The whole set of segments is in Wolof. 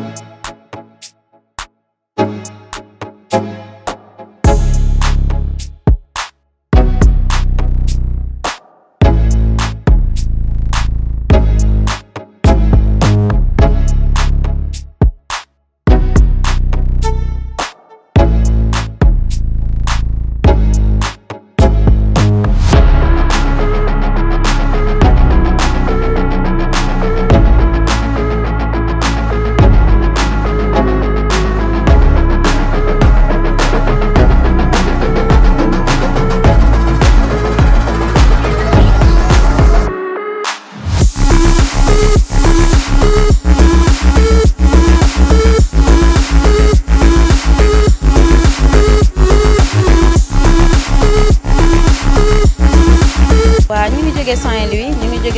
Thank you.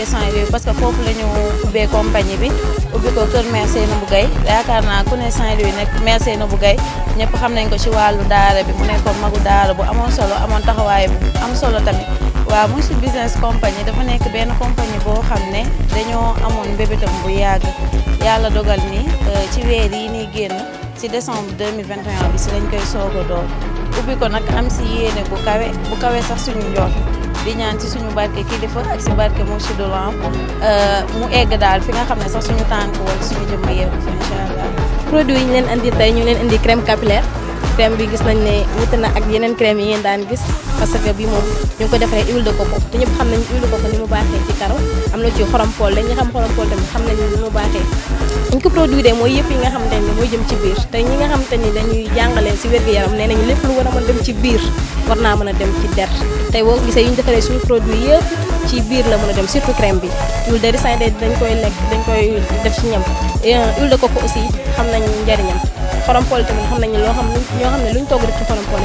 jógee saint parce que foofu la ñu ubbee compagnie bi ubbi ko kër mère Seynabou Gaye yaakaar naa ku ne Saint-Louis nag mère Seynabou Gaye ñëpp xam nañ ko ci wàllu daara bi mu nekkoon magu daara bu amoon solo amoon taxawaay am solo tamit waaw mu ci business compagnie dafa nekk benn compagnie boo xam ne dañoo amoon mbébétam bu yàgg yàlla dogal ni euh, ci weer yi nii génn ci décembre 2021 bi si lañ koy soog a door ubbi ko nag am si yéene bu kawe bu kawe sax suñu njort di ñaan ci suñu barke kilifa ak ci barke Mourchid de euh, Lamp mu egg daal fi nga xam ne sax suñu tànk wala suñu jëmm yegg incha allah. produit yi ñu leen indi tey ñu leen indi crème capillaire. crème bi gis nañ ne wute na ak yeneen crème yi ngeen daan gis parce que bi moom ñu ngi ko defaree huile de coco te ñëpp xam nañ huile am na ci xorom pool la ñi xam xorom pool tamit xam nañ ni mu baaxee ñu ko produire mooy yëpp yi nga ni mooy jëm ci biir si wér gu yaram nee nañu a mën dem ci biir war naa mën dem ci der tey boo produit yëpp ci biir la mën a dem surtout crème bi huile de ricin dañ koy lekk dañ koy euh, xam nañ njëriñam xorom-pool tamit xam nañu loo xam ñoo xam ne luñ togg def ci xorom-pool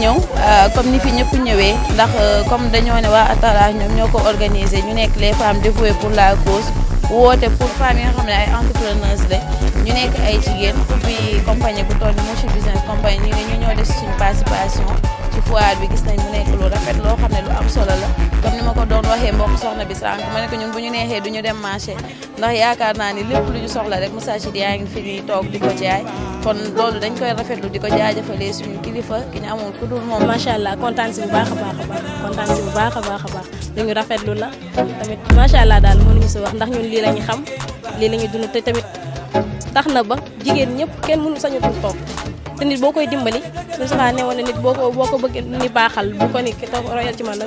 ñu euh, comme ni fi ñëpp ñëwee ndax euh, comme dañoo ne waa Atala ñoom ñoo ko organiser ñu nekk les femmes dévouées pour la cause woote pour femmes yi nga xam ne ay entrepreneurs la ñu nekk ay jigéen ubbi compagnie bu toll Mourchid Business Company ñu ne ñu ñoo def suñu participation ci foire bi gis nañ mu nekk lu rafet loo xam ne lu am solo la comme ni ma ko doon waxee mbokk soxna bi sànq ma ne ko ñun bu ñu neexee du ñu dem marché ndax yaakaar naa ni lépp lu ñu soxla rek message yaa ngi fi ñuy toog di ko jaay kon loolu dañ koy rafetlu di ko jaajëfalee suñu kilifa ki ñu amul ku dul moom macha allah kontaan si bu baax a baax a baax a baax a baax lu la tamit macha allah daal mënuñu si wax lii la ñu lii la ñu dund te tamit tax na ba jigéen ñëpp kenn mënu sañu ko toog te nit boo koy dimbali su saxaa ne woon na nit boo ko boo ko bëgg baaxal bu ko ni toog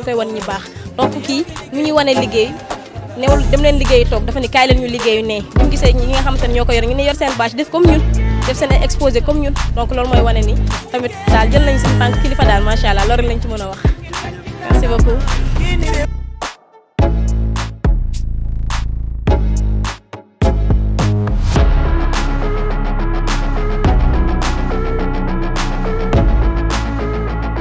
koy wan ñi baax donc kii ñu ñuy wane liggéey newul dem leen liggéeyu toog dafa ni kaay leen ñu liggéeyu ne bu ñu gisee ñi nga xam te ne ñoo ko yor ñu ne yor seen bâche def comme ñun def seen exposé comme ñun donc loolu mooy wane ni tamit daal jël nañ seen tànk kilifa daal macha allah loolu lañ ci mën a wax merci beaucoup